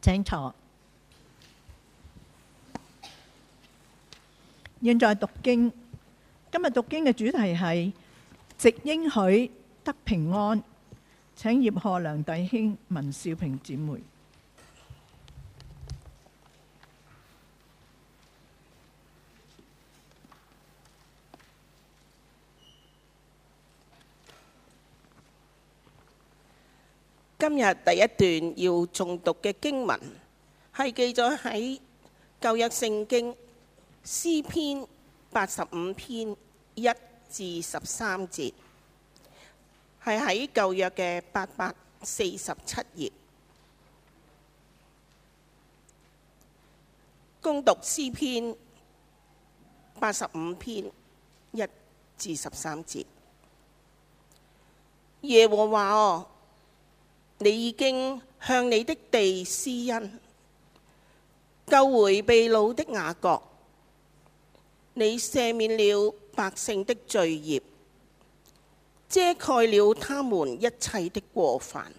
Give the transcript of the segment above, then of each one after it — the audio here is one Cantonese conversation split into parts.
請坐。現在讀經，今日讀經嘅主題係：直應許得平安，請葉賀良弟兄、文少平姐妹。今日第一段要誦讀嘅經文，係記咗喺舊約聖經詩篇八十五篇一至十三節，係喺舊約嘅八百四十七頁。公讀詩篇八十五篇一至十三節。耶和華哦。你已經向你的地施恩，救回被擄的雅各。你赦免了百姓的罪孽，遮蓋了他們一切的過犯。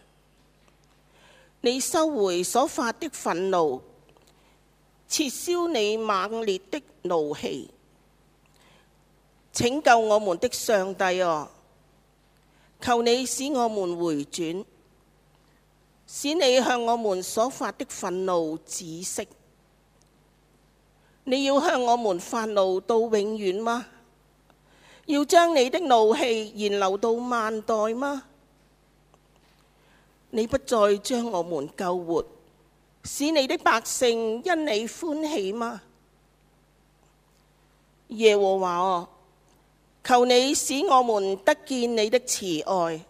你收回所發的憤怒，撤銷你猛烈的怒氣。拯救我們的上帝哦，求你使我們回轉，使你向我們所發的憤怒止息。你要向我們發怒到永遠嗎？要將你的怒氣延留到萬代嗎？你不再將我們救活，使你的百姓因你歡喜嗎？耶和華哦，求你使我們得見你的慈愛。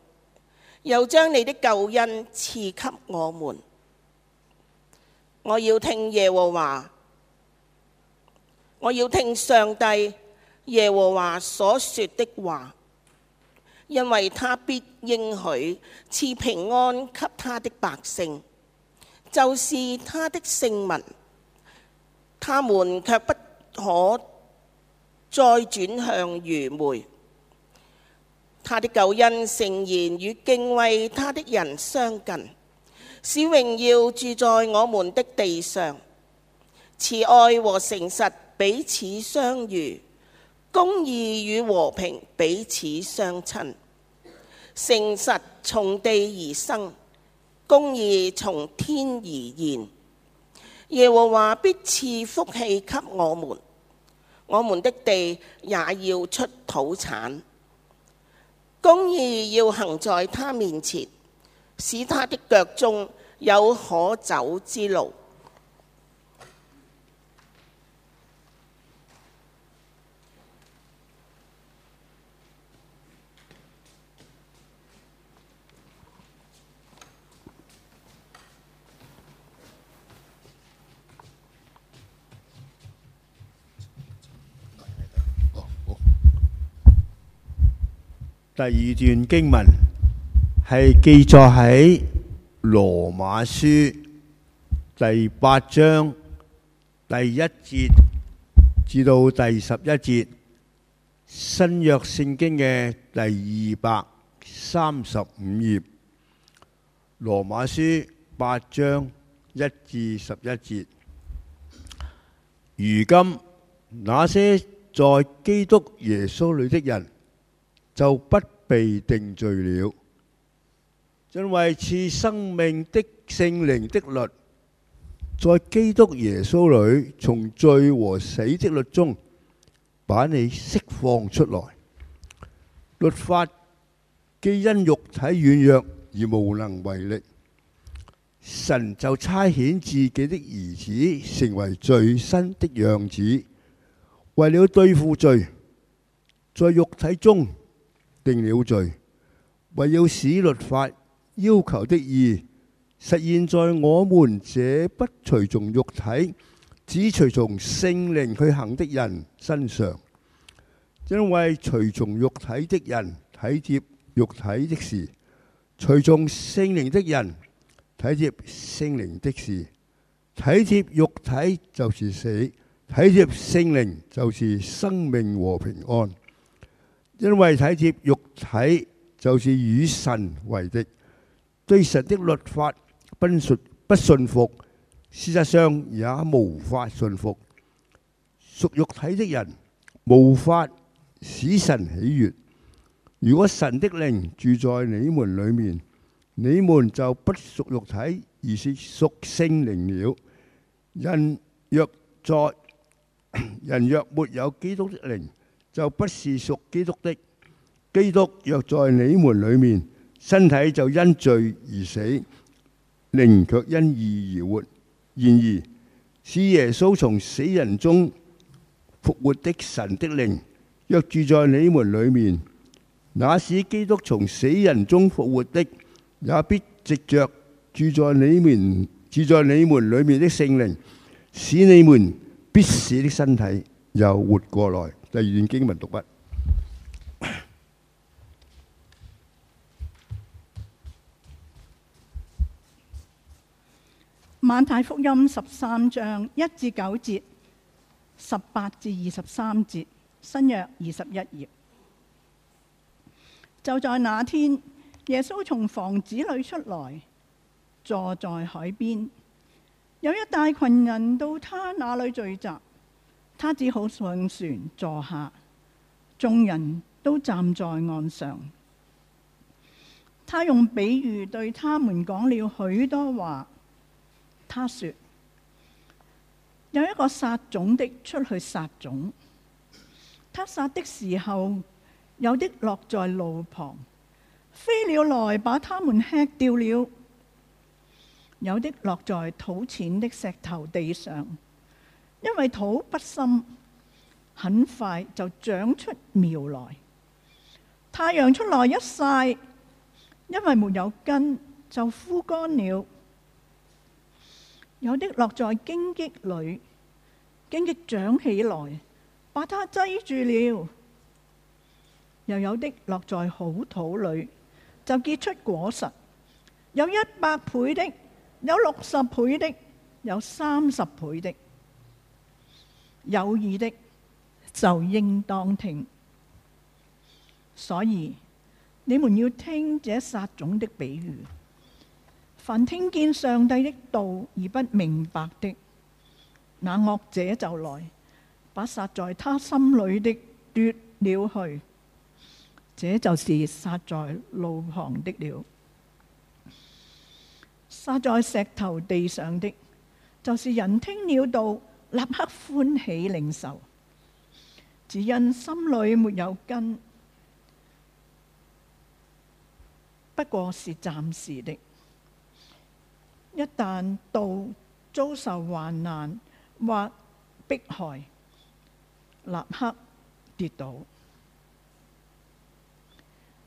又將你的救恩賜給我們。我要聽耶和華，我要聽上帝耶和華所說的話，因為他必應許賜平安給他的百姓，就是他的聖民。他們卻不可再轉向愚昧。他的救恩誠然與敬畏他的人相近，使榮耀住在我們的地上。慈愛和誠實彼此相遇，公義與和平彼此相親。誠實從地而生，公義從天而現。耶和華必賜福氣給我們，我們的地也要出土產。公義要行在他面前，使他的腳中有可走之路。第二段經文係記載喺羅馬書第八章第一節至到第十一節，新約聖經嘅第二百三十五頁羅馬書八章一至十一節。如今那些在基督耶穌裏的人。就不被定罪了，因為賜生命的聖靈的律，在基督耶穌裏從罪和死的律中把你釋放出來。律法既因肉體軟弱而無能為力，神就差遣自己的兒子成為罪身的樣子，為了對付罪，在肉體中。定了罪，為要使律法要求的義，實現在我們這不隨從肉體，只隨從聖靈去行的人身上。因為隨從肉體的人，體貼肉體的事；隨從聖靈的人，體貼聖靈的事。體貼肉體就是死，體貼聖靈就是生命和平安。因為體貼肉體就是與神為敵，對神的律法不順不順服，事實上也無法順服。屬肉體的人無法使神喜悦。如果神的靈住在你們裏面，你們就不屬肉體，而是屬聖靈了。人若在，人若沒有基督的靈，就不是屬基督的。基督若在你們裏面，身體就因罪而死，靈却因義而活。然而，使耶穌從死人中復活的神的靈，若住在你們裏面，那使基督從死人中復活的，也必藉着住在你們、住在你們裏面的聖靈，使你們必死的身體又活過來。要研究明白。經文讀物《馬 太福音》十三章一至九節，十八至二十三節，新約二十一頁。就在那天，耶穌從房子裏出來，坐在海邊，有一大群人到他那裏聚集。他只好上船坐下，眾人都站在岸上。他用比喻對他們講了許多話。他說：有一個撒種的出去撒種，他撒的時候，有的落在路旁，飛鳥來把它們吃掉了；有的落在土淺的石頭地上。因為土不深，很快就長出苗來。太陽出來一曬，因為沒有根，就枯乾了。有的落在荊棘裏，荊棘長起來，把它擠住了。又有的落在好土裏，就結出果實。有一百倍的，有六十倍的，有三十倍的。有意的就應當聽，所以你們要聽這撒種的比喻。凡聽見上帝的道而不明白的，那惡者就來，把撒在他心裏的奪了去。這就是撒在路旁的了。撒在石頭地上的，就是人聽了道，立刻歡喜領受，只因心裏沒有根，不過是暫時的。一旦道遭受患難或迫害，立刻跌倒，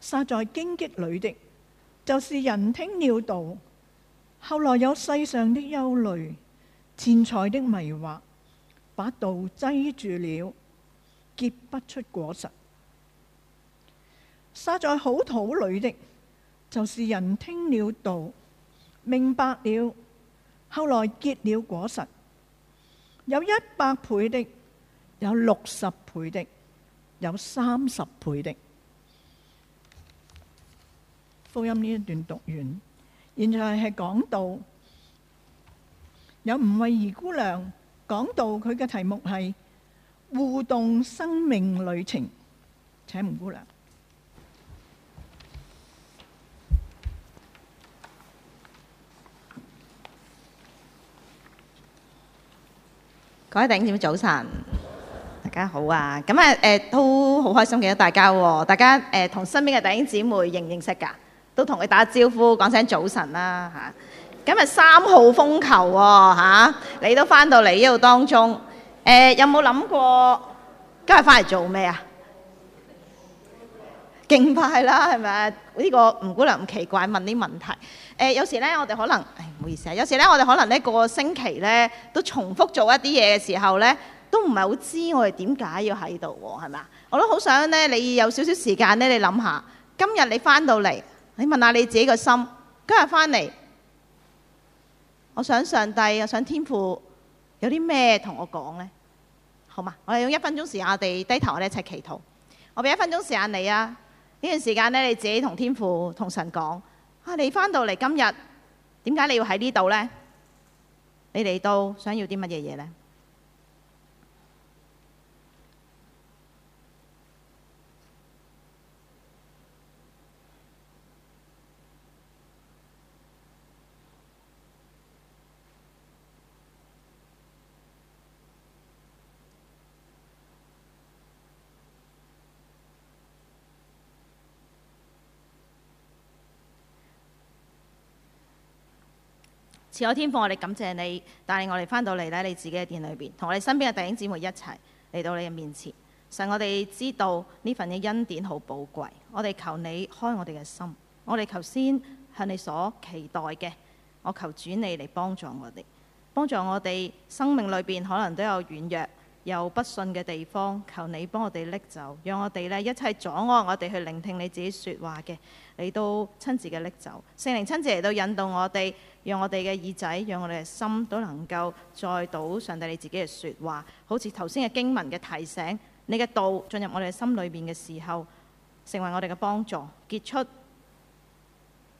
撒在荊棘裏的就是人聽了道。後來有世上的憂慮、錢財的迷惑。把道擠住了，結不出果實。撒在好土裏的，就是人聽了道，明白了，後來結了果實。有一百倍的，有六十倍的，有三十倍的。福音呢一段讀完，現在係講道，有吳慧儀姑娘。講到佢嘅題目係互動生命旅程，請吳姑娘。各位弟兄姊妹，早晨，大家好啊！咁啊，誒都好開心見到大家喎。大家誒同身邊嘅弟兄姊妹認唔認識㗎？都同佢打下招呼，講聲早晨啦嚇。今日三號風球喎、啊啊、你都翻到嚟呢度當中，誒有冇諗過今日翻嚟做咩啊？敬拜啦，係咪？呢、這個吳姑娘咁奇怪問啲問題。誒、呃、有時咧，我哋可能誒唔、哎、好意思啊。有時咧，我哋可能呢個星期咧都重複做一啲嘢嘅時候咧，都唔係好知我哋點解要喺度喎，係咪啊？我都好想咧，你有少少時間咧，你諗下，今日你翻到嚟，你問下你自己個心，今日翻嚟。我想上帝，又想天父，有啲咩同我講呢？好嘛，我哋用一分鐘時間，我哋低頭，我哋一齊祈禱。我俾一分鐘時間你啊，呢段時間呢，你自己同天父、同神講啊，你返到嚟今日，點解你要喺呢度呢？你嚟到想要啲乜嘢嘢呢？」有天父，我哋感謝你。帶領我哋返到嚟呢你自己嘅殿裏邊，同我哋身邊嘅弟兄姊妹一齊嚟到你嘅面前。使我哋知道呢份嘅恩典好寶貴，我哋求你開我哋嘅心。我哋求先向你所期待嘅，我求主你嚟幫助我哋，幫助我哋生命裏邊可能都有軟弱有不信嘅地方，求你幫我哋拎走，讓我哋呢一切阻礙我哋去聆聽你自己説話嘅，你都親自嘅拎走聖靈，親自嚟到引導我哋。讓我哋嘅耳仔，讓我哋嘅心都能夠再度上帝你自己嘅説話，好似頭先嘅經文嘅提醒，你嘅道進入我哋嘅心裏面嘅時候，成為我哋嘅幫助，結出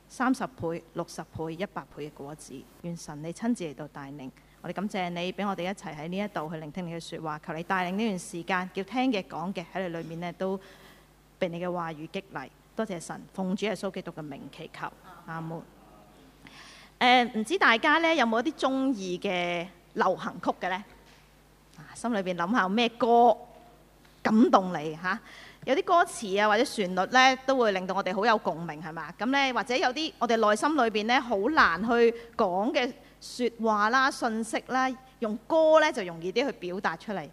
三十倍、六十倍、一百倍嘅果子。願神你親自嚟到帶領，我哋感謝你俾我哋一齊喺呢一度去聆聽你嘅説話，求你帶領呢段時間，叫聽嘅講嘅喺你裏面呢，都被你嘅話語激勵。多謝神，奉主耶穌基督嘅名祈求，阿門。誒，嗯，唔知大家呢有冇一啲中意嘅流行曲嘅呢？心裏邊諗下有咩歌感動你啊？嚇，有啲歌詞啊或者旋律呢，都會令到我哋好有共鳴係嘛？咁呢，或者有啲我哋內心裏邊呢，好難去講嘅説話啦、信息啦，用歌呢就容易啲去表達出嚟。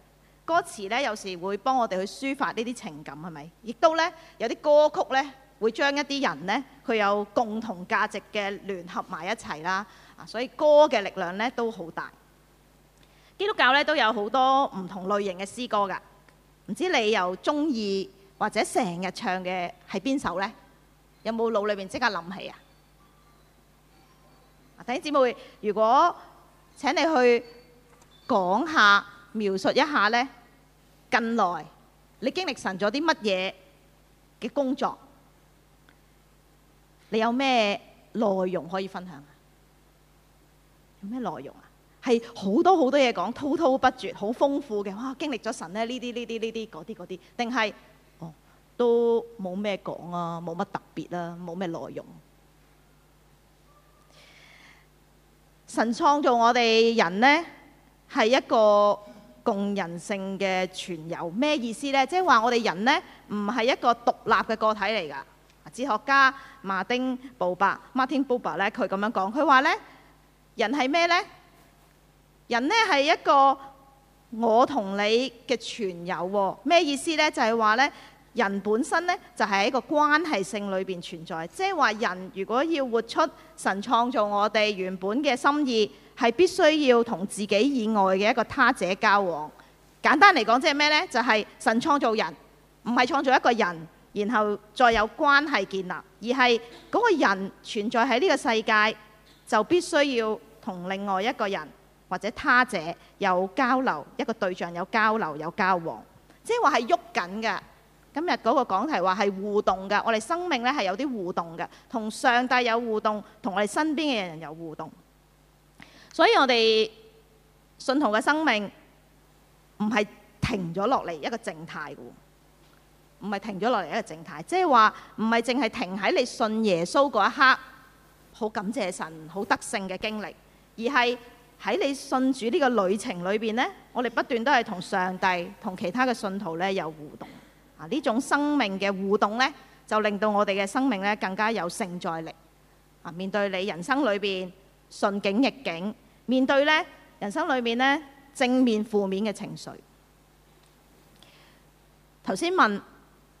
歌詞呢，有時會幫我哋去抒發呢啲情感係咪？亦都呢，有啲歌曲呢。會將一啲人呢，佢有共同價值嘅聯合埋一齊啦。啊，所以歌嘅力量呢都好大。基督教呢都有好多唔同類型嘅詩歌㗎。唔知你又中意或者成日唱嘅係邊首呢？有冇腦裏面即刻諗起啊？啊，弟兄姊妹，如果請你去講下、描述一下呢，近來你經歷神咗啲乜嘢嘅工作？你有咩內容可以分享啊？有咩內容啊？係好多好多嘢講，滔滔不絕，好豐富嘅。哇！經歷咗神咧，呢啲呢啲呢啲，嗰啲嗰啲，定係哦，都冇咩講啊，冇乜特別啊，冇咩內容。神創造我哋人呢，係一個共人性嘅存有，咩意思咧？即係話我哋人呢，唔係一個獨立嘅個體嚟㗎。哲學家馬丁布伯 Martin Buber 咧，佢咁樣講，佢話呢，人係咩呢？人，呢係一個我同你嘅存有。咩意思呢？就係話呢人本身呢，就喺一個關係性裏邊存在。即係話人如果要活出神創造我哋原本嘅心意，係必須要同自己以外嘅一個他者交往。簡單嚟講，即係咩呢？就係、是、神創造人，唔係創造一個人。然後再有關係建立，而係嗰個人存在喺呢個世界，就必須要同另外一個人或者他者有交流，一個對象有交流有交往，即係話係喐緊嘅。今日嗰個講題話係互動嘅，我哋生命呢係有啲互動嘅，同上帝有互動，同我哋身邊嘅人有互動。所以我哋信徒嘅生命唔係停咗落嚟一個靜態嘅。唔係停咗落嚟一個靜態，即係話唔係淨係停喺你信耶穌嗰一刻，好感謝神，好得勝嘅經歷，而係喺你信主呢個旅程裏邊呢，我哋不斷都係同上帝、同其他嘅信徒呢有互動。啊，呢種生命嘅互動呢，就令到我哋嘅生命呢更加有承載力。啊，面對你人生裏邊順境逆境，面對呢人生裏面呢正面負面嘅情緒。頭先問。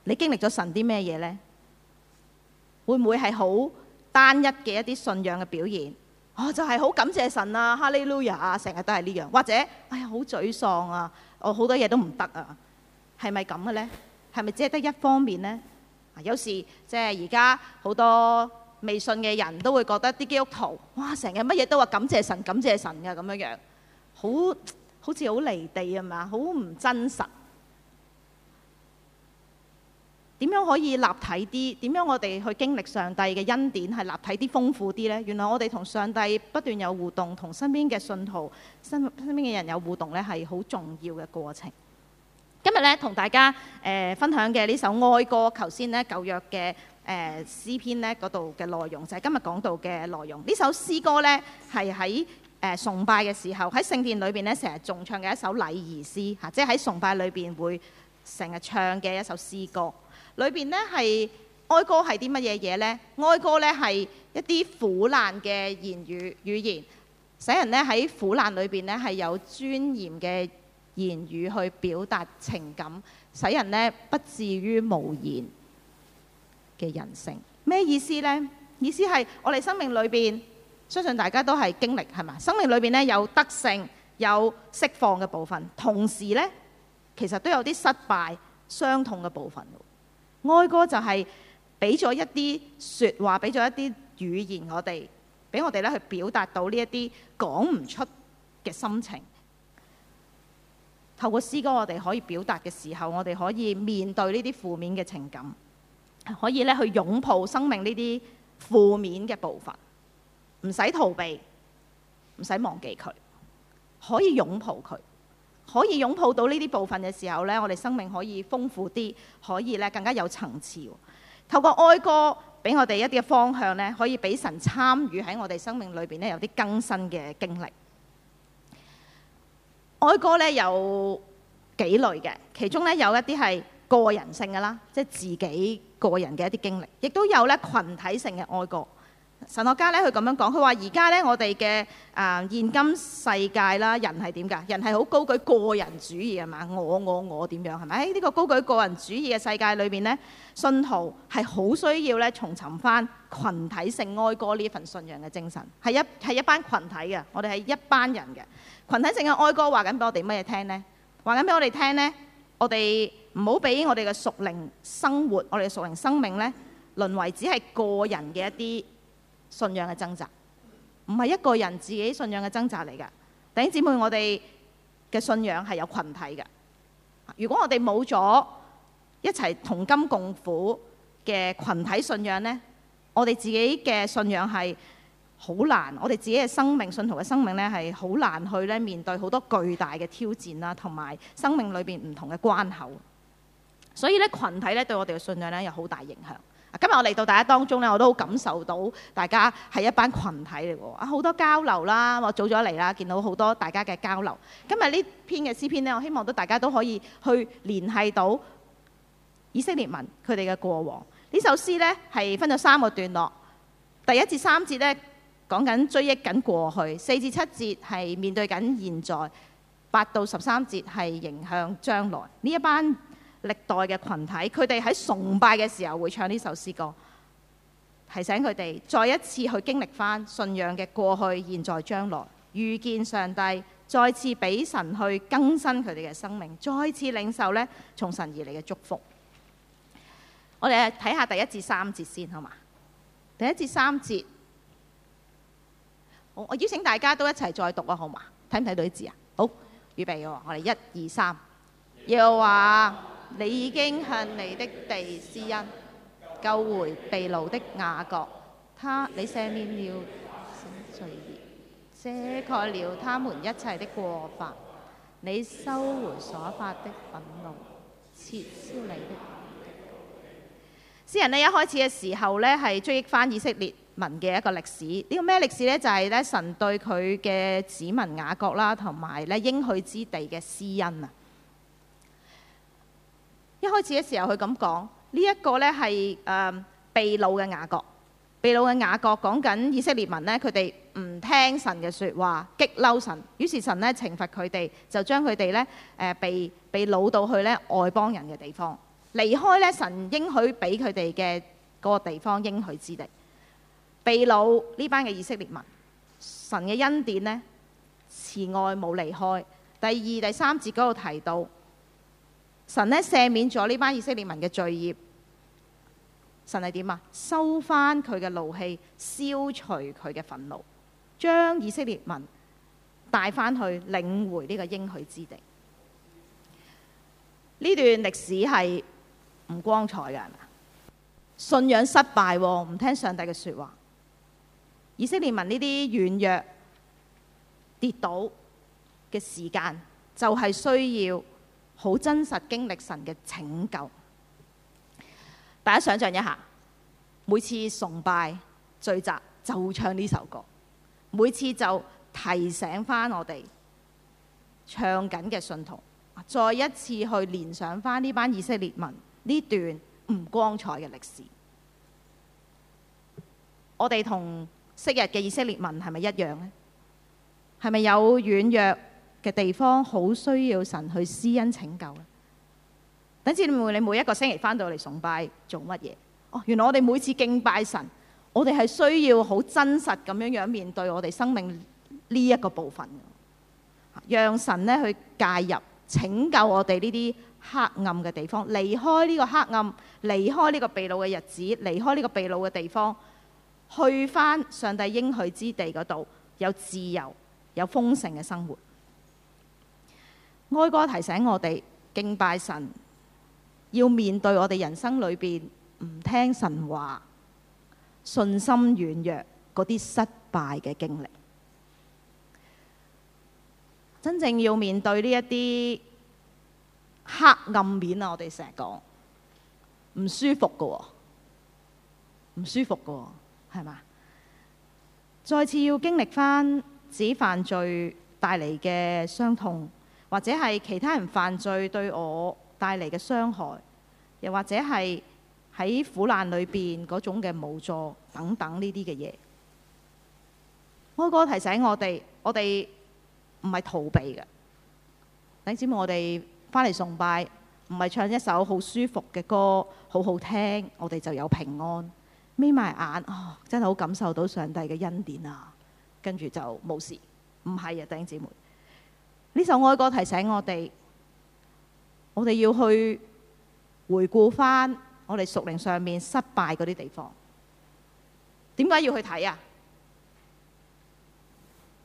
你經歷咗神啲咩嘢呢？會唔會係好單一嘅一啲信仰嘅表現？哦，就係、是、好感謝神啊，哈利路亞啊，成日都係呢樣。或者，哎呀，好沮喪啊，我、哦、好多嘢都唔得啊，係咪咁嘅呢？係咪只係得一方面呢？有時即係而家好多未信嘅人都會覺得啲基督徒哇，成日乜嘢都話感謝神、感謝神嘅咁樣樣，好好似好離地吖嘛，好唔真實。點樣可以立體啲？點樣我哋去經歷上帝嘅恩典係立體啲、豐富啲呢？原來我哋同上帝不斷有互動，同身邊嘅信徒、身身邊嘅人有互動呢，係好重要嘅過程。今日呢，同大家誒、呃、分享嘅呢首哀歌，頭先呢舊約嘅誒詩篇呢，嗰度嘅內容就係今日講到嘅內容。呢首詩歌呢，係喺誒崇拜嘅時候喺聖殿裏邊呢，成日重唱嘅一首禮儀詩嚇，即係喺崇拜裏邊會成日唱嘅一首詩歌。裏邊呢係哀歌係啲乜嘢嘢呢？哀歌呢係一啲苦難嘅言語語言，使人呢喺苦難裏邊呢係有尊嚴嘅言語去表達情感，使人呢不至於無言嘅人性。咩意思呢？意思係我哋生命裏邊，相信大家都係經歷係嘛？生命裏邊呢有得勝有釋放嘅部分，同時呢其實都有啲失敗傷痛嘅部分。哀歌就係俾咗一啲說話，俾咗一啲語言我，我哋俾我哋咧去表達到呢一啲講唔出嘅心情。透過詩歌，我哋可以表達嘅時候，我哋可以面對呢啲負面嘅情感，可以咧去擁抱生命呢啲負面嘅部分，唔使逃避，唔使忘記佢，可以擁抱佢。可以擁抱到呢啲部分嘅時候呢，我哋生命可以豐富啲，可以咧更加有層次。透過哀歌俾我哋一啲嘅方向呢，可以俾神參與喺我哋生命裏邊呢有啲更新嘅經歷。哀歌呢有幾類嘅，其中呢有一啲係個人性嘅啦，即係自己個人嘅一啲經歷，亦都有呢群體性嘅哀歌。神學家咧，佢咁樣講，佢話而家咧，我哋嘅啊現今世界啦，人係點㗎？人係好高舉個人主義係嘛？我我我點樣係咪？喺呢個高舉個人主義嘅世界裏邊咧，信徒係好需要咧，重尋返群體性哀歌呢份信仰嘅精神，係一係一班群，群體嘅，我哋係一班人嘅群體性嘅哀歌，話緊俾我哋乜嘢聽呢？話緊俾我哋聽呢，我哋唔好俾我哋嘅屬靈生活，我哋嘅屬靈生命咧，淪為只係個人嘅一啲。信仰嘅掙扎，唔係一個人自己信仰嘅掙扎嚟噶。弟兄姊妹，我哋嘅信仰係有群體噶。如果我哋冇咗一齊同甘共苦嘅群體信仰呢，我哋自己嘅信仰係好難。我哋自己嘅生命，信徒嘅生命呢，係好難去咧面對好多巨大嘅挑戰啦，同埋生命裏邊唔同嘅關口。所以咧，群體咧對我哋嘅信仰咧有好大影響。今日我嚟到大家當中咧，我都好感受到大家係一班群、群體嚟喎，啊好多交流啦，我早咗嚟啦，見到好多大家嘅交流。今日呢篇嘅詩篇呢，我希望都大家都可以去聯繫到以色列民佢哋嘅過往。呢首詩呢，係分咗三個段落，第一至三節呢，講緊追憶緊過去，四至七節係面對緊現在，八到十三節係迎向將來。呢一班歷代嘅群體，佢哋喺崇拜嘅時候會唱呢首詩歌，提醒佢哋再一次去經歷翻信仰嘅過去、現在、將來，遇見上帝，再次俾神去更新佢哋嘅生命，再次領受呢從神而嚟嘅祝福。我哋睇下第一至三節先，好嘛？第一至三節，我我邀請大家都一齊再讀啊，好嘛？睇唔睇到啲字啊？好，預備，我哋一二三，要話。你已經向你的地施恩，救回被擄的雅各。他，你赦免了罪孽，遮蓋了他們一切的過犯。你收回所發的憤怒，撤銷你的。詩人咧一開始嘅時候呢，係追憶翻以色列民嘅一個歷史。呢、這個咩歷史呢？就係、是、咧神對佢嘅子民雅各啦，同埋咧應許之地嘅施恩啊！一開始嘅時候，佢咁講呢，一個呢係誒被擄嘅雅各，被擄嘅雅各，講緊以色列民呢，佢哋唔聽神嘅説話，激嬲神，於是神呢懲罰佢哋，就將佢哋呢誒被被擄到去呢外邦人嘅地方，離開呢神應許俾佢哋嘅嗰個地方、應許之地，被擄呢班嘅以色列民，神嘅恩典呢，慈愛冇離開。第二第三節嗰度提到。神咧赦免咗呢班以色列民嘅罪孽。神係點啊？收翻佢嘅怒氣，消除佢嘅憤怒，將以色列民帶翻去領回呢個應許之地。呢段歷史係唔光彩嘅，信仰失敗，唔聽上帝嘅說話，以色列民呢啲軟弱跌倒嘅時間，就係需要。好真實經歷神嘅拯救，大家想像一下，每次崇拜聚集就唱呢首歌，每次就提醒返我哋唱緊嘅信徒，再一次去聯想返呢班以色列民呢段唔光彩嘅歷史。我哋同昔日嘅以色列民係咪一樣呢？係咪有軟弱？嘅地方好需要神去施恩拯救。等次你每你每一個星期返到嚟崇拜做乜嘢？哦，原來我哋每次敬拜神，我哋係需要好真實咁樣樣面對我哋生命呢一個部分，讓神呢去介入拯救我哋呢啲黑暗嘅地方，離開呢個黑暗，離開呢個被擄嘅日子，離開呢個被擄嘅地方，去返上帝應許之地，嗰度有自由有豐盛嘅生活。哀歌提醒我哋敬拜神，要面對我哋人生裏邊唔聽神話、信心軟弱嗰啲失敗嘅經歷。真正要面對呢一啲黑暗面啊！我哋成日講唔舒服㗎喎，唔舒服㗎喎，係嘛？再次要經歷翻指犯罪帶嚟嘅傷痛。或者係其他人犯罪對我帶嚟嘅傷害，又或者係喺苦難裏邊嗰種嘅無助等等呢啲嘅嘢，柯哥提醒我哋，我哋唔係逃避嘅。弟兄姊妹，我哋翻嚟崇拜，唔係唱一首好舒服嘅歌，好好聽，我哋就有平安。眯埋眼，啊、哦，真係好感受到上帝嘅恩典啊！跟住就冇事，唔係啊，弟兄姊妹。呢首哀歌提醒我哋，我哋要去回顧返我哋屬靈上面失敗嗰啲地方。點解要去睇啊？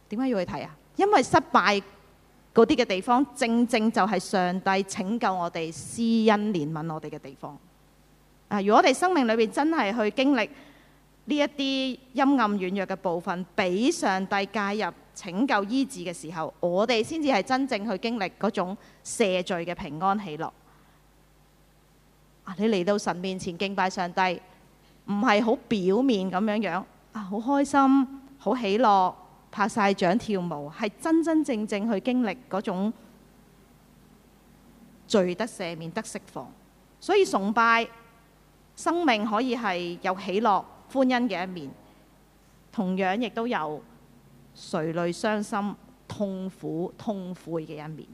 點解要去睇啊？因為失敗嗰啲嘅地方，正正就係上帝拯救我哋、施恩憐憫我哋嘅地方。啊！如果我哋生命裏邊真係去經歷呢一啲陰暗軟弱嘅部分，俾上帝介入。拯救醫治嘅時候，我哋先至係真正去經歷嗰種赦罪嘅平安喜樂。啊，你嚟到神面前敬拜上帝，唔係好表面咁樣樣，啊，好開心，好喜樂，拍晒掌跳舞，係真真正正去經歷嗰種罪得赦免得釋放。所以崇拜，生命可以係有喜樂、歡欣嘅一面，同樣亦都有。垂淚傷心、痛苦痛悔嘅一面，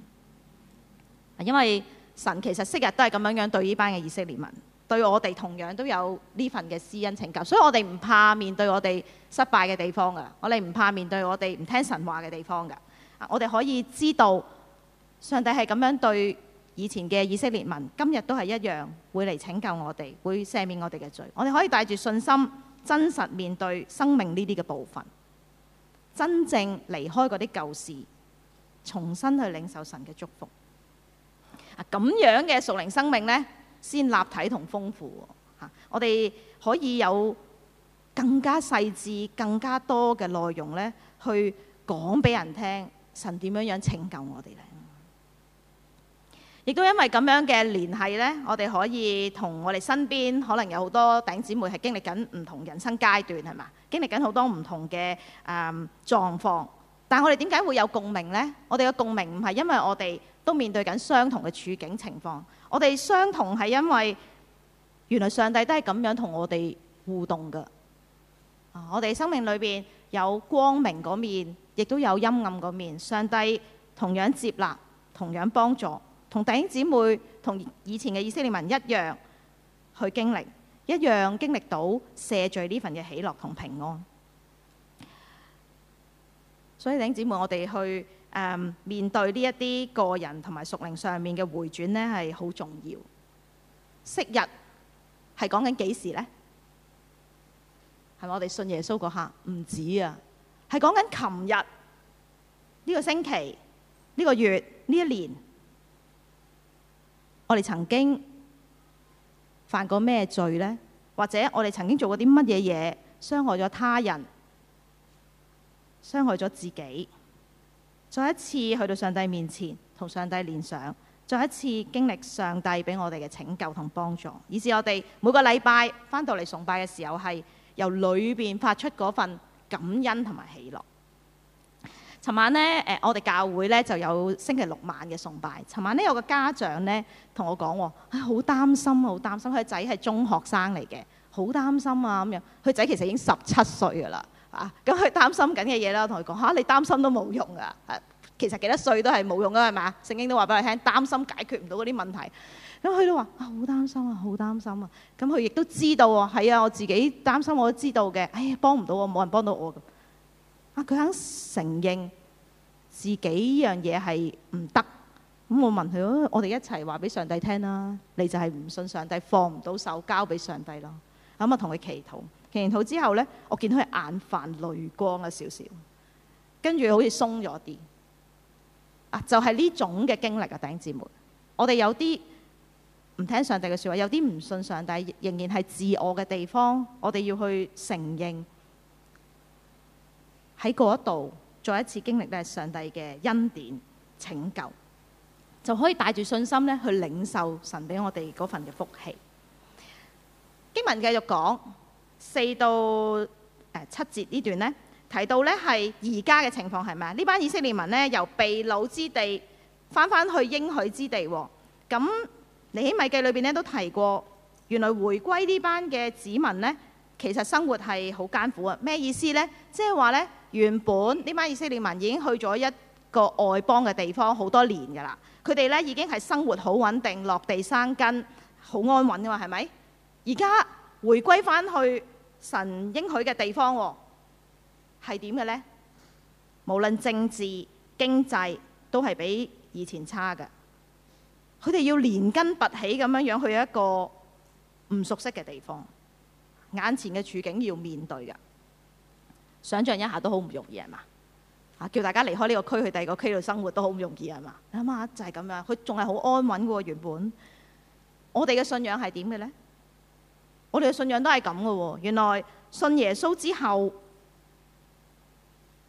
因為神其實昔日都係咁樣樣對呢班嘅以色列民，對我哋同樣都有呢份嘅私恩拯救，所以我哋唔怕面對我哋失敗嘅地方噶，我哋唔怕面對我哋唔聽神話嘅地方噶，我哋可以知道上帝係咁樣對以前嘅以色列民，今日都係一樣會嚟拯救我哋，會赦免我哋嘅罪，我哋可以帶住信心、真實面對生命呢啲嘅部分。真正離開嗰啲舊事，重新去領受神嘅祝福。啊，咁樣嘅屬靈生命咧，先立體同豐富。吓、啊，我哋可以有更加細緻、更加多嘅內容咧，去講俾人聽，神點樣樣拯救我哋咧？亦都因為咁樣嘅聯繫呢，我哋可以同我哋身邊可能有好多頂姊妹係經歷緊唔同人生階段，係嘛？經歷緊好多唔同嘅、誒、嗯、狀況。但我哋點解會有共鳴呢？我哋嘅共鳴唔係因為我哋都面對緊相同嘅處境情況，我哋相同係因為原來上帝都係咁樣同我哋互動噶。我哋生命裏邊有光明嗰面，亦都有陰暗嗰面，上帝同樣接納，同樣幫助。同弟兄姊妹同以前嘅以色列民一樣去經歷，一樣經歷到赦罪呢份嘅喜樂同平安。所以弟兄姊妹，我哋去誒面對呢一啲個人同埋屬靈上面嘅回轉咧，係好重要。昔日係講緊幾時咧？係咪我哋信耶穌嗰刻？唔止啊，係講緊琴日呢個星期、呢個月、呢一年。我哋曾經犯過咩罪呢？或者我哋曾經做過啲乜嘢嘢，傷害咗他人，傷害咗自己，再一次去到上帝面前，同上帝連上，再一次經歷上帝俾我哋嘅拯救同幫助，以至我哋每個禮拜返到嚟崇拜嘅時候，係由裏邊發出嗰份感恩同埋喜樂。尋晚咧，誒、呃、我哋教會咧就有星期六晚嘅崇拜。尋晚咧，有個家長咧同我講喎，好、哦哎、擔心，好擔心，佢仔係中學生嚟嘅，好擔心啊咁樣。佢仔其實已經十七歲噶啦，啊咁佢擔心緊嘅嘢啦。我同佢講吓，你擔心都冇用噶！其實幾多歲都係冇用噶，係嘛？聖經都話俾你聽，擔心解決唔到嗰啲問題。咁、嗯、佢都話啊，好、哦、擔，擔心啊，好擔心啊。咁佢亦都知道喎，係、哦、啊，我自己擔心，我都知道嘅。哎呀，幫唔到我，冇人幫到我。佢肯承認自己呢樣嘢係唔得，咁我問佢，我哋一齊話俾上帝聽啦，你就係唔信上帝，放唔到手，交俾上帝咯。咁啊，同佢祈禱，祈禱之後呢，我見到佢眼泛淚光啊，少少，跟住好似鬆咗啲。啊，就係呢種嘅經歷啊，弟兄姊妹，我哋有啲唔聽上帝嘅說話，有啲唔信上帝，仍然係自我嘅地方，我哋要去承認。喺嗰度再一次經歷嘅係上帝嘅恩典拯救，就可以帶住信心咧去領受神俾我哋嗰份嘅福氣。經文繼續講四到七節呢段呢，提到咧係而家嘅情況係咪啊？呢班以色列民呢由被擄之地翻返去應許之地，咁尼希米記裏邊咧都提過，原來回歸呢班嘅子民呢。其實生活係好艱苦啊！咩意思呢？即係話呢，原本呢班以色列民已經去咗一個外邦嘅地方好多年㗎啦，佢哋呢已經係生活好穩定、落地生根、好安穩㗎嘛，係咪？而家回歸翻去神應許嘅地方，係點嘅呢？無論政治、經濟都係比以前差㗎。佢哋要連根拔起咁樣樣去一個唔熟悉嘅地方。眼前嘅處境要面對嘅，想像一下都好唔容易係嘛？嚇叫大家離開呢個區去第二個區度生活都好唔容易係嘛？你諗下就係咁樣，佢仲係好安穩喎，原本。我哋嘅信仰係點嘅呢？我哋嘅信仰都係咁嘅喎。原來信耶穌之後，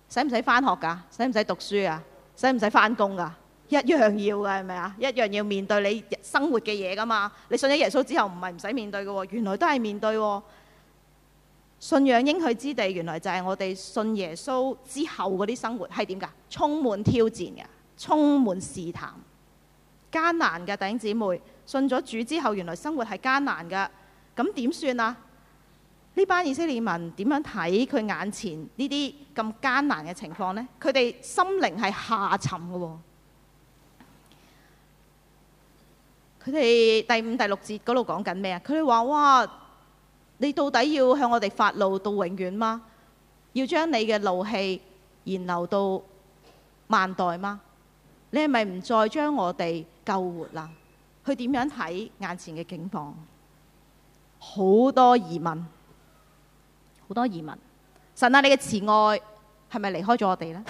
使唔使翻學㗎？使唔使讀書啊？使唔使翻工㗎？一樣要嘅係咪啊？一樣要面對你生活嘅嘢㗎嘛？你信咗耶穌之後唔係唔使面對嘅喎，原來都係面對喎。信仰應許之地，原來就係我哋信耶穌之後嗰啲生活係點噶？充滿挑戰嘅，充滿試探，艱難嘅。弟兄姊妹，信咗主之後，原來生活係艱難嘅。咁點算啊？呢班以色列民點樣睇佢眼前呢啲咁艱難嘅情況呢？佢哋心靈係下沉嘅喎。佢哋第五、第六節嗰度講緊咩啊？佢哋話哇。你到底要向我哋發怒到永遠嗎？要將你嘅怒氣延留到萬代嗎？你係咪唔再將我哋救活啦？去點樣睇眼前嘅境況？好多疑問，好多疑問。神啊，你嘅慈愛係咪離開咗我哋呢？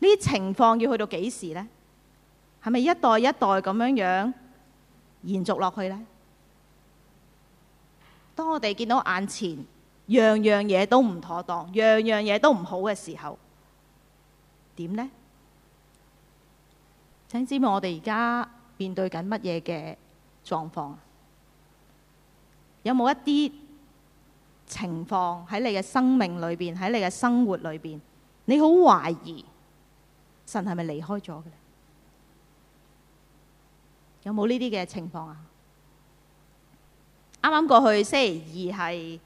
呢情況要去到幾時呢？係咪一代一代咁樣咁樣延續落去呢？當我哋見到眼前樣樣嘢,都唔妥當，樣樣嘢都唔好嘅時候，點呢？請問我哋而家面對緊乜嘢嘅狀況？有冇一啲情況喺你嘅生命裏邊，喺你嘅生活裏邊，你好懷疑神係咪離開咗嘅咧？有冇呢啲嘅情況啊？啱啱過去星期二係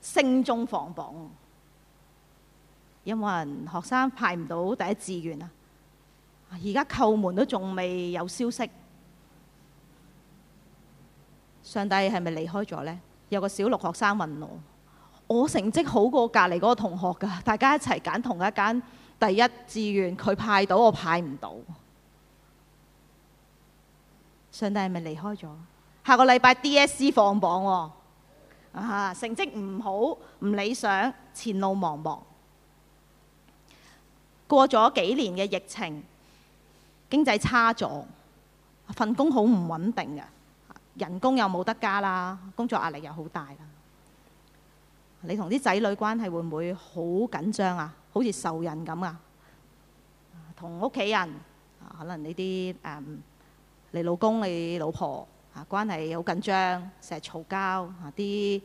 升中放榜，有冇人學生派唔到第一志願啊？而家扣門都仲未有消息，上帝係咪離開咗呢？有個小六學生問我：我成績好過隔籬嗰個同學噶，大家一齊揀同一間第一志願，佢派到我派唔到，上帝係咪離開咗？下個禮拜 D.S.C 放榜喎、哦，啊成績唔好唔理想，前路茫茫。過咗幾年嘅疫情，經濟差咗，份工好唔穩定嘅，人工又冇得加啦，工作壓力又好大啦。你同啲仔女關係會唔會好緊張啊？好似仇人咁啊？同屋企人啊，可能你啲誒，um, 你老公你老婆。啊，關係好緊張，成日嘈交，嚇、啊、啲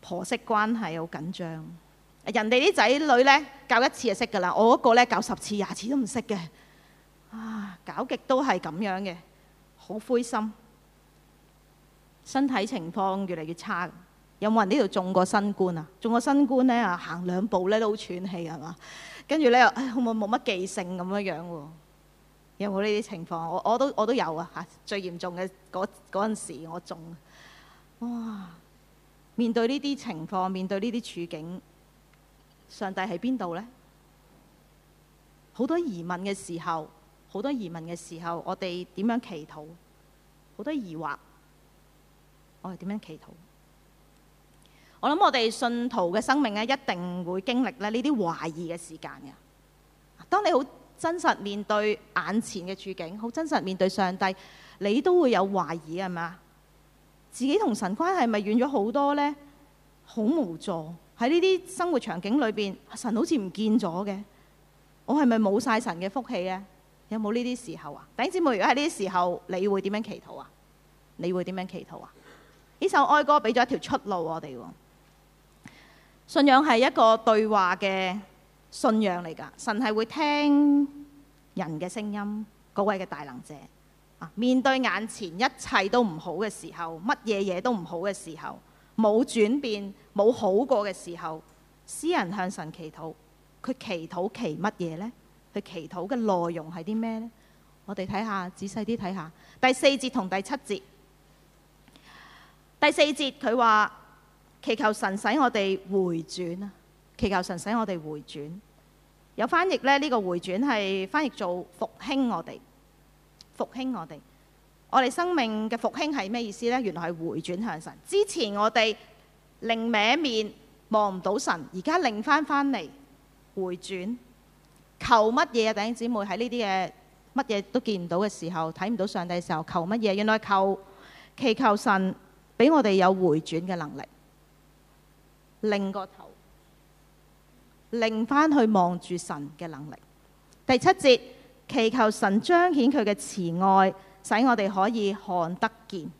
婆媳關係好緊張。啊、人哋啲仔女呢，教一次就識噶啦，我嗰個呢教十次廿次都唔識嘅。啊，搞極都係咁樣嘅，好灰心。身體情況越嚟越差。有冇人呢度中過新冠啊？中過新冠呢，啊，行兩步呢都好喘氣係嘛？跟住呢，好冇乜記性咁樣樣。有冇呢啲情況？我我都我都有啊！嚇，最嚴重嘅嗰嗰陣時，我仲……哇！面對呢啲情況，面對呢啲處境，上帝喺邊度呢？好多疑問嘅時候，好多疑問嘅時候，我哋點樣祈禱？好多疑惑，我哋點樣祈禱？我諗我哋信徒嘅生命咧，一定會經歷咧呢啲懷疑嘅時間嘅。當你好～真實面對眼前嘅處境，好真實面對上帝，你都會有懷疑係咪？自己同神關係咪遠咗好多呢？好無助喺呢啲生活場景裏邊，神好似唔見咗嘅，我係咪冇晒神嘅福氣啊？有冇呢啲時候啊？頂姐妹，如果喺呢啲時候，你會點樣祈禱啊？你會點樣祈禱啊？呢首哀歌俾咗一條出路我哋，信仰係一個對話嘅。信仰嚟噶，神係會聽人嘅聲音。各位嘅大能者啊，面對眼前一切都唔好嘅時候，乜嘢嘢都唔好嘅時候，冇轉變冇好過嘅時候，詩人向神祈禱，佢祈禱祈乜嘢呢？佢祈禱嘅內容係啲咩呢？我哋睇下，仔細啲睇下第四節同第七節。第四節佢話祈求神使我哋回轉啊！祈求神使我哋回轉，有翻譯呢，呢個回轉係翻譯做復興我哋，復興我哋，我哋生命嘅復興係咩意思呢？原來係回轉向神。之前我哋擰歪面望唔到神，而家擰翻返嚟回轉，求乜嘢啊？弟兄姊妹喺呢啲嘅乜嘢都見唔到嘅時候，睇唔到上帝嘅時候，求乜嘢？原來求祈求神俾我哋有回轉嘅能力，擰個頭。令翻去望住神嘅能力。第七節，祈求神彰顯佢嘅慈愛，使我哋可以看得見，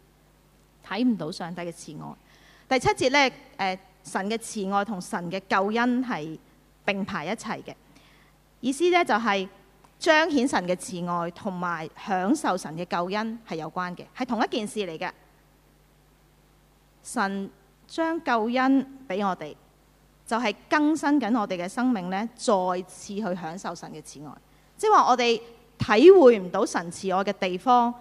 睇唔到上帝嘅慈愛。第七節呢、呃，神嘅慈愛同神嘅救恩係並排一齊嘅，意思呢，就係彰顯神嘅慈愛同埋享受神嘅救恩係有關嘅，係同一件事嚟嘅。神將救恩俾我哋。就係更新緊我哋嘅生命呢，再次去享受神嘅慈愛。即係話我哋體會唔到神慈愛嘅地方，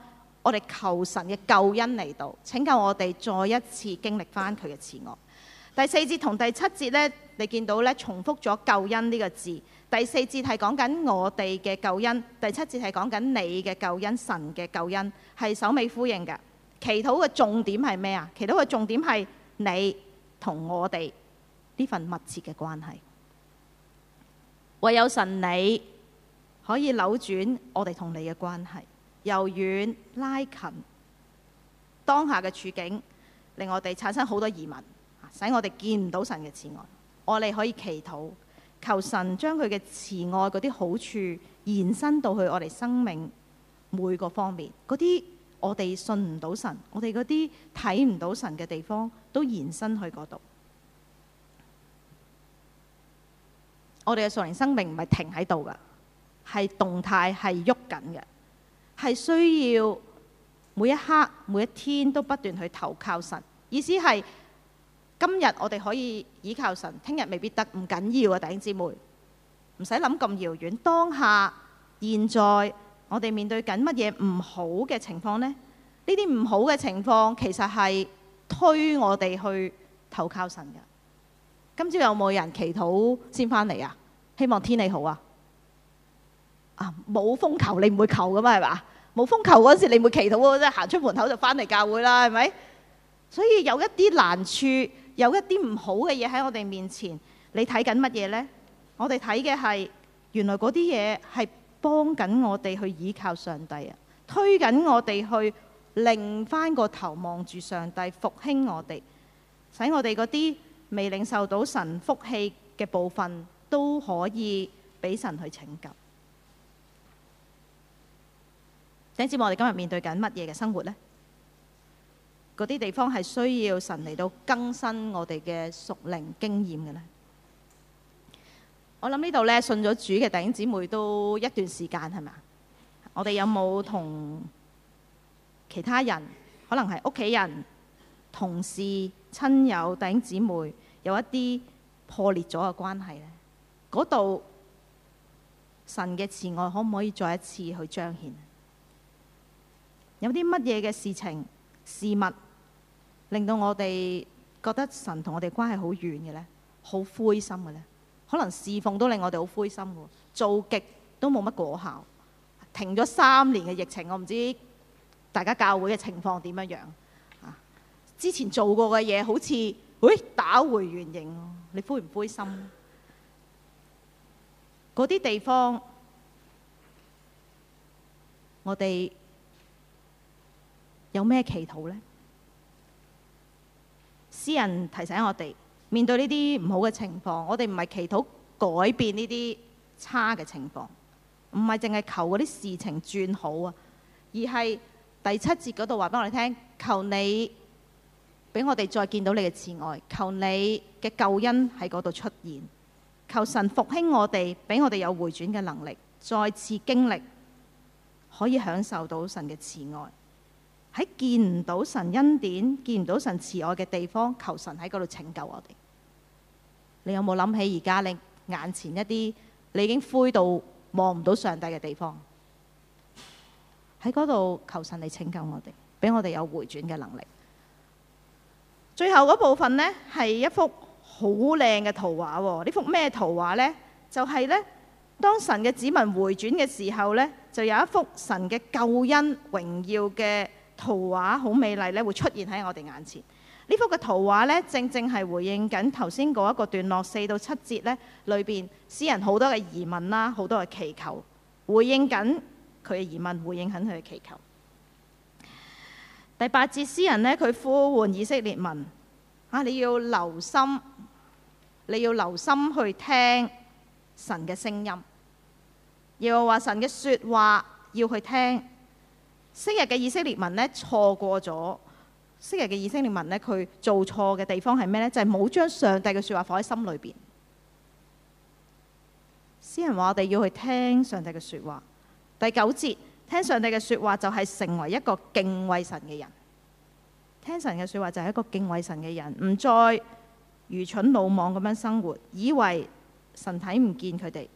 我哋求神嘅救恩嚟到，請教我哋再一次經歷返佢嘅慈愛。第四節同第七節呢，你見到呢重複咗救恩呢個字。第四節係講緊我哋嘅救恩，第七節係講緊你嘅救恩，神嘅救恩係首尾呼應嘅。祈禱嘅重點係咩啊？祈禱嘅重點係你同我哋。呢份密切嘅關係，唯有神你可以扭轉我哋同你嘅關係，由遠拉近。當下嘅處境令我哋產生好多疑問，使我哋見唔到神嘅慈愛。我哋可以祈禱，求神將佢嘅慈愛嗰啲好處延伸到去我哋生命每個方面。嗰啲我哋信唔到神，我哋嗰啲睇唔到神嘅地方，都延伸去嗰度。我哋嘅屬靈生命唔係停喺度噶，係動態，係喐緊嘅，係需要每一刻、每一天都不斷去投靠神。意思係今日我哋可以倚靠神，聽日未必得，唔緊要啊，弟兄姊妹，唔使諗咁遙遠。當下現在，我哋面對緊乜嘢唔好嘅情況呢？呢啲唔好嘅情況其實係推我哋去投靠神嘅。今朝有冇人祈禱先返嚟啊？希望天氣好啊！啊，冇風球你唔會求噶嘛，係嘛？冇風球嗰時你唔會祈禱，即係行出門口就返嚟教會啦，係咪？所以有一啲難處，有一啲唔好嘅嘢喺我哋面前，你睇緊乜嘢呢？我哋睇嘅係原來嗰啲嘢係幫緊我哋去依靠上帝啊，推緊我哋去擰翻個頭望住上帝復興我哋，使我哋嗰啲未領受到神福氣嘅部分。都可以俾神去拯救。弟兄姊妹，我哋今日面對緊乜嘢嘅生活呢？嗰啲地方係需要神嚟到更新我哋嘅屬靈經驗嘅呢。我諗呢度呢，信咗主嘅弟兄姊妹都一段時間係咪啊？我哋有冇同其他人，可能係屋企人、同事、親友、弟兄姊妹，有一啲破裂咗嘅關係呢？嗰度神嘅慈愛可唔可以再一次去彰顯？有啲乜嘢嘅事情事物，令到我哋覺得神同我哋關係好遠嘅呢？好灰心嘅呢？可能侍奉都令我哋好灰心喎，做極都冇乜果效。停咗三年嘅疫情，我唔知大家教會嘅情況點樣。啊，之前做過嘅嘢好似，誒，打回原形，你灰唔灰心？嗰啲地方，我哋有咩祈禱呢？詩人提醒我哋，面對呢啲唔好嘅情況，我哋唔係祈禱改變呢啲差嘅情況，唔係淨係求嗰啲事情轉好啊，而係第七節嗰度話俾我哋聽：求你俾我哋再見到你嘅慈愛，求你嘅救恩喺嗰度出現。求神復興我哋，俾我哋有回轉嘅能力，再次經歷，可以享受到神嘅慈愛。喺見唔到神恩典、見唔到神慈愛嘅地方，求神喺嗰度拯救我哋。你有冇諗起而家你眼前一啲你已經灰到望唔到上帝嘅地方？喺嗰度求神，你拯救我哋，俾我哋有回轉嘅能力。最後嗰部分呢，係一幅。好靚嘅圖畫喎，哦！呢幅咩圖畫呢？就係，是，呢，當神嘅子民回轉嘅時候呢，就有一幅神嘅救恩榮耀嘅圖畫，好美麗呢，會出現喺我哋眼前。呢幅嘅圖畫呢，正正係回應緊頭先嗰一個段落四到七節呢裏邊詩人好多嘅疑問啦，好多嘅祈求，回應緊佢嘅疑問，回應緊佢嘅祈求。第八節，詩人呢，佢呼喚以色列民啊，你要留心。你要留心去聽神嘅聲音，又話神嘅說話要去聽。昔日嘅以色列民呢，錯過咗，昔日嘅以色列民呢，佢做錯嘅地方係咩呢？就係冇將上帝嘅說話放喺心裏邊。詩人話我哋要去聽上帝嘅說話。第九節，聽上帝嘅說話就係成為一個敬畏神嘅人。聽神嘅說話就係一個敬畏神嘅人，唔再。愚蠢魯莽咁樣生活，以為神睇唔見佢哋，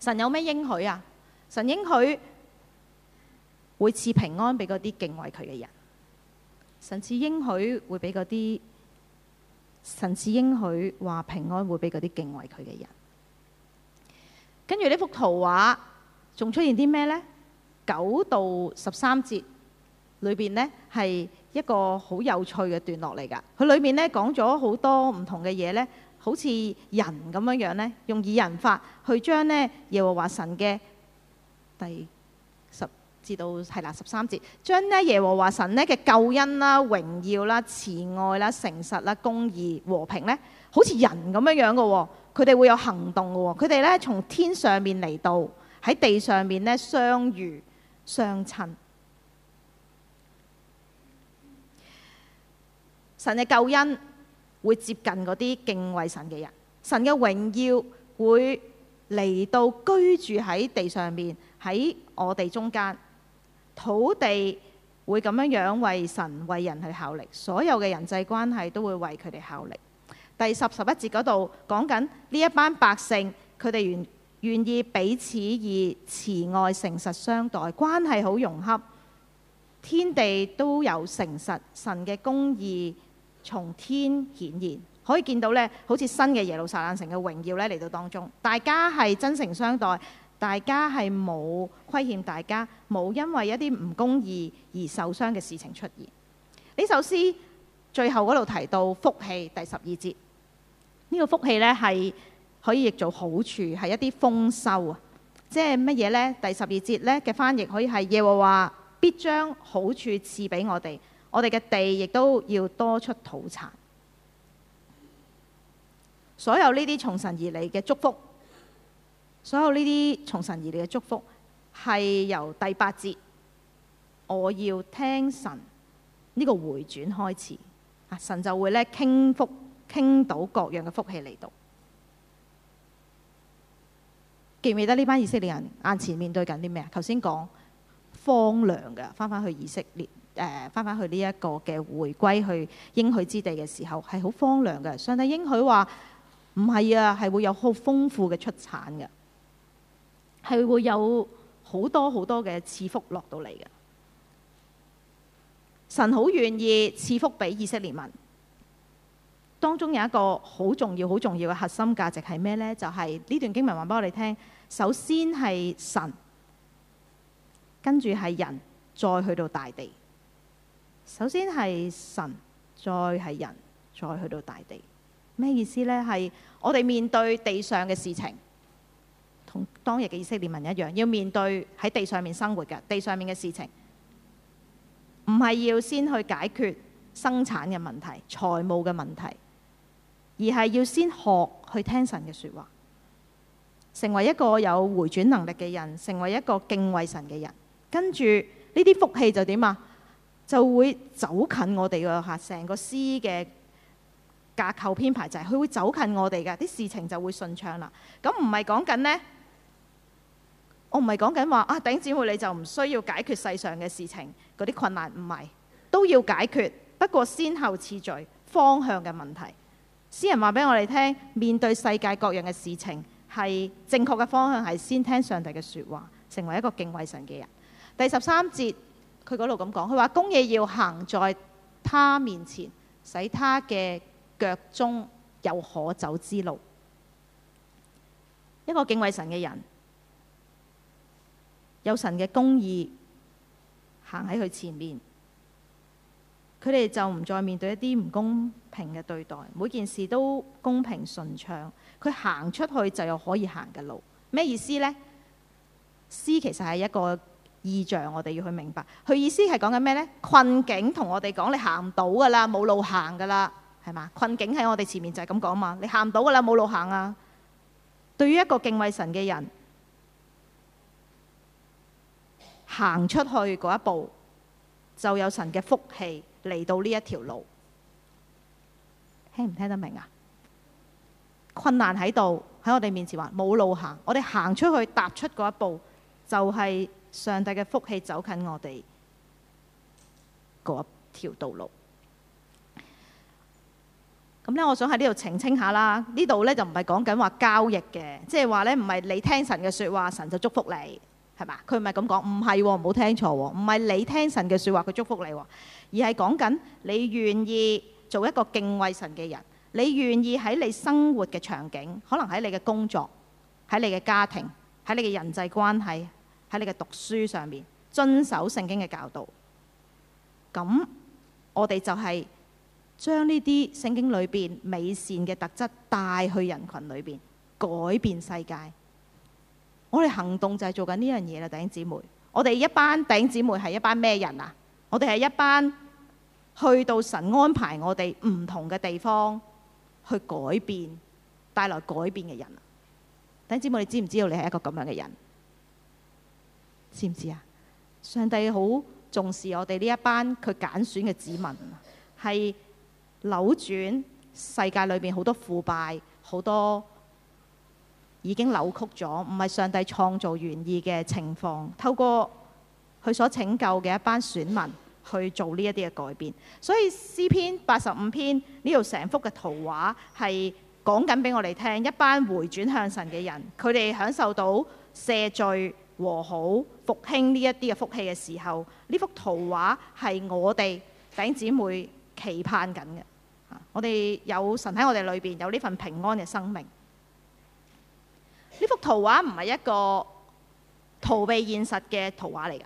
神有咩應許啊？神應許會賜平安俾嗰啲敬畏佢嘅人，神賜應許會俾嗰啲，神賜應許話平安會俾嗰啲敬畏佢嘅人。跟住呢幅圖畫仲出現啲咩呢？九到十三節裏邊呢，係一個好有趣嘅段落嚟㗎，佢裏面咧講咗好多唔同嘅嘢咧，好似人咁樣樣咧，用擬人法去將咧耶和華神嘅第十至到係嗱、啊、十三節，將咧耶和華神咧嘅救恩啦、榮耀啦、慈愛啦、誠實啦、公義、和平咧，好似人咁樣樣嘅喎，佢哋會有行動嘅喎，佢哋咧從天上面嚟到喺地上面咧相遇相親。神嘅救恩會接近嗰啲敬畏神嘅人，神嘅榮耀會嚟到居住喺地上面喺我哋中間，土地會咁樣樣為神為人去效力，所有嘅人際關係都會為佢哋效力。第十十一節嗰度講緊呢一班百姓，佢哋願願意彼此以慈愛誠實相待，關係好融洽，天地都有誠實，神嘅公義。從天顯現，可以見到呢好似新嘅耶路撒冷城嘅榮耀呢嚟到當中。大家係真誠相待，大家係冇虧欠，大家冇因為一啲唔公義而受傷嘅事情出現。呢首詩最後嗰度提到福氣第十二節，呢個福氣呢係可以譯做好處，係一啲豐收啊！即係乜嘢呢？第十二節呢嘅翻譯可以係耶和華必將好處賜俾我哋。我哋嘅地亦都要多出土產，所有呢啲從神而嚟嘅祝福，所有呢啲從神而嚟嘅祝福，係由第八節我要聽神呢個回轉開始，啊神就會咧傾福傾倒各樣嘅福氣嚟到，記唔記得呢班以色列人眼前面對緊啲咩啊？頭先講荒涼嘅，翻返去以色列。誒，返返去呢一個嘅回歸去應許之地嘅時候，係好荒涼嘅。上帝應許話唔係啊，係會有好豐富嘅出產嘅，係會有好多好多嘅賜福落到嚟嘅。神好願意賜福俾以色列民，當中有一個好重要、好重要嘅核心價值係咩呢？就係呢段經文話俾我哋聽。首先係神，跟住係人，再去到大地。首先係神，再係人，再去到大地。咩意思呢？係我哋面對地上嘅事情，同當日嘅以色列民一樣，要面對喺地上面生活嘅地上面嘅事情，唔係要先去解決生產嘅問題、財務嘅問題，而係要先學去聽神嘅說話，成為一個有回轉能力嘅人，成為一個敬畏神嘅人。跟住呢啲福氣就點啊？就會走近我哋嘅嚇，成個詩嘅架構編排，就係佢會走近我哋嘅啲事情就會順暢啦。咁唔係講緊呢，我唔係講緊話啊頂姊妹你就唔需要解決世上嘅事情嗰啲困難，唔係，都要解決，不過先後次序方向嘅問題。詩人話俾我哋聽，面對世界各樣嘅事情，係正確嘅方向係先聽上帝嘅説話，成為一個敬畏神嘅人。第十三節。佢嗰度咁講，佢話公義要行在他面前，使他嘅腳蹤有可走之路。一個敬畏神嘅人，有神嘅公義行喺佢前面，佢哋就唔再面對一啲唔公平嘅對待，每件事都公平順暢。佢行出去就有可以行嘅路。咩意思呢？詩其實係一個意象，我哋要去明白佢意思係講緊咩呢？困境同我哋講，你行唔到噶啦，冇路行噶啦，係嘛？困境喺我哋前面就係咁講嘛，你行唔到噶啦，冇路行啊。對於一個敬畏神嘅人，行出去嗰一步，就有神嘅福氣嚟到呢一條路，聽唔聽得明啊？困難喺度喺我哋面前話冇路行，我哋行出去踏出嗰一步就係、是。上帝嘅福氣走近我哋嗰條道路。咁呢，我想喺呢度澄清下啦。呢度呢，就唔係講緊話交易嘅，即係話呢，唔係你聽神嘅說話，神就祝福你，係嘛？佢唔係咁講，唔係哦，唔好聽錯、哦，唔係你聽神嘅說話佢祝福你、哦，而係講緊你願意做一個敬畏神嘅人，你願意喺你生活嘅場景，可能喺你嘅工作，喺你嘅家庭，喺你嘅人際關係，喺你嘅讀書上面遵守聖經嘅教導，咁我哋就係將呢啲聖經裏邊美善嘅特質帶去人群裏邊，改變世界。我哋行動就係做緊呢樣嘢啦，弟兄姊妹。我哋一班弟兄姊妹係一班咩人啊？我哋係一班去到神安排我哋唔同嘅地方去改變、帶來改變嘅人。弟兄姊妹，你知唔知道你係一個咁樣嘅人？知唔知啊？上帝好重視我哋呢一班佢揀選嘅子民，係扭轉世界裏邊好多腐敗、好多已經扭曲咗，唔係上帝創造原意嘅情況。透過佢所拯救嘅一班選民去做呢一啲嘅改變。所以詩篇八十五篇呢度成幅嘅圖畫係講緊俾我哋聽，一班回轉向神嘅人，佢哋享受到赦罪，和好復興呢一啲嘅福氣嘅時候，呢幅圖畫係我哋弟兄姊妹期盼緊嘅。我哋有神喺我哋裏邊，有呢份平安嘅生命。呢幅圖畫唔係一個逃避現實嘅圖畫嚟㗎。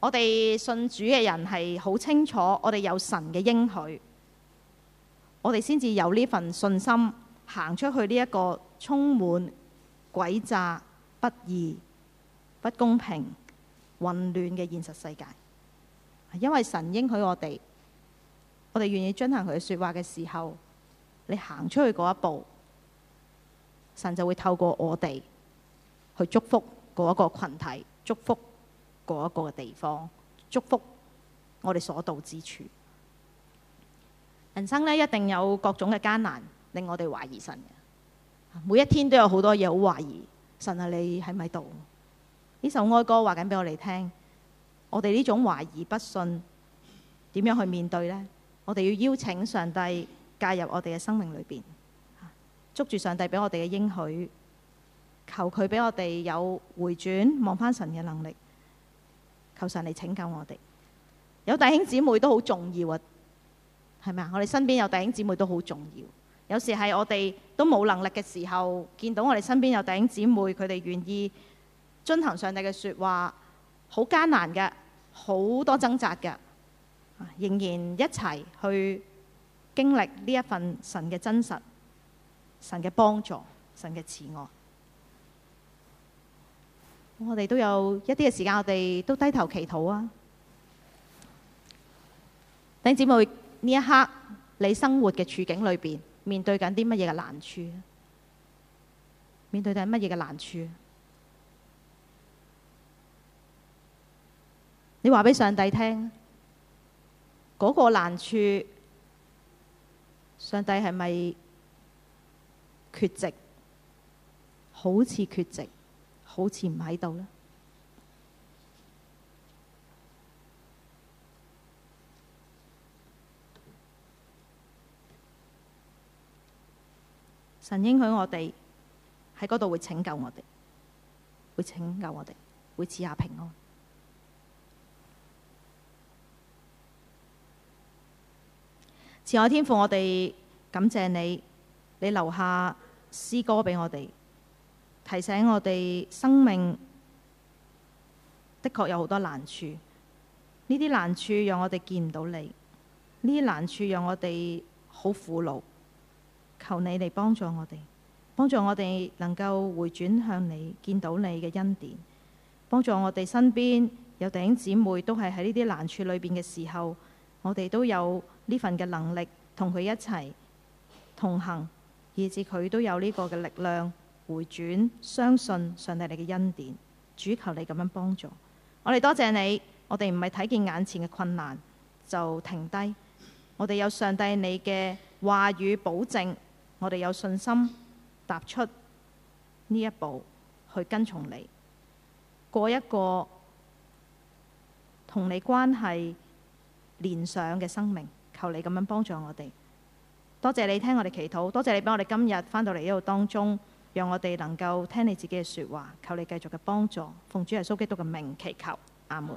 我哋信主嘅人係好清楚，我哋有神嘅應許，我哋先至有呢份信心行出去呢一個充滿詭詐，不義、不公平、混亂嘅現實世界，因為神應許我哋，我哋願意遵行佢嘅説話嘅時候，你行出去嗰一步，神就會透過我哋去祝福嗰一個群體，祝福嗰一個地方，祝福我哋所到之處。人生呢，一定有各種嘅艱難，令我哋懷疑神。每一天都有好多嘢好懷疑。神啊，你喺咪度？呢首哀歌話緊俾我哋聽，我哋呢種懷疑不信，點樣去面對呢？我哋要邀請上帝介入我哋嘅生命裏邊，捉住上帝畀我哋嘅應許，求佢俾我哋有回轉，望返神嘅能力，求神嚟拯救我哋。有弟兄姊妹都好重要，啊，係咪啊？我哋身邊有弟兄姊妹都好重要。有時係我哋都冇能力嘅時候，見到我哋身邊有弟兄姊妹，佢哋願意遵行上帝嘅說話，好艱難嘅，好多掙扎嘅，仍然一齊去經歷呢一份神嘅真實、神嘅幫助、神嘅慈愛。我哋都有一啲嘅時間，我哋都低頭祈禱啊！弟兄姊妹，呢一刻你生活嘅處境裏面。面對緊啲乜嘢嘅難處？面對緊乜嘢嘅難處？你話俾上帝聽，嗰個難處，上帝係咪缺席？好似缺席，好似唔喺度咧？神應許我哋喺嗰度會拯救我哋，會拯救我哋，會賜下平安。慈愛天父，我哋感謝你，你留下詩歌俾我哋，提醒我哋生命的確有好多難處，呢啲難處讓我哋見唔到你，呢啲難處讓我哋好苦惱。求你嚟幫助我哋，幫助我哋能夠回轉向你，見到你嘅恩典。幫助我哋身邊有弟兄姊妹都係喺呢啲難處裏邊嘅時候，我哋都有呢份嘅能力同佢一齊同行，以至佢都有呢個嘅力量回轉，相信上帝你嘅恩典。主求你咁樣幫助我哋，多謝你。我哋唔係睇見眼前嘅困難就停低，我哋有上帝你嘅話語保證。我哋有信心踏出呢一步，去跟從你，過一個同你關係連上嘅生命。求你咁樣幫助我哋。多謝你聽我哋祈禱，多謝你俾我哋今日翻到嚟呢度當中，讓我哋能夠聽你自己嘅說話，求你繼續嘅幫助，奉主耶穌基督嘅名祈求，阿門。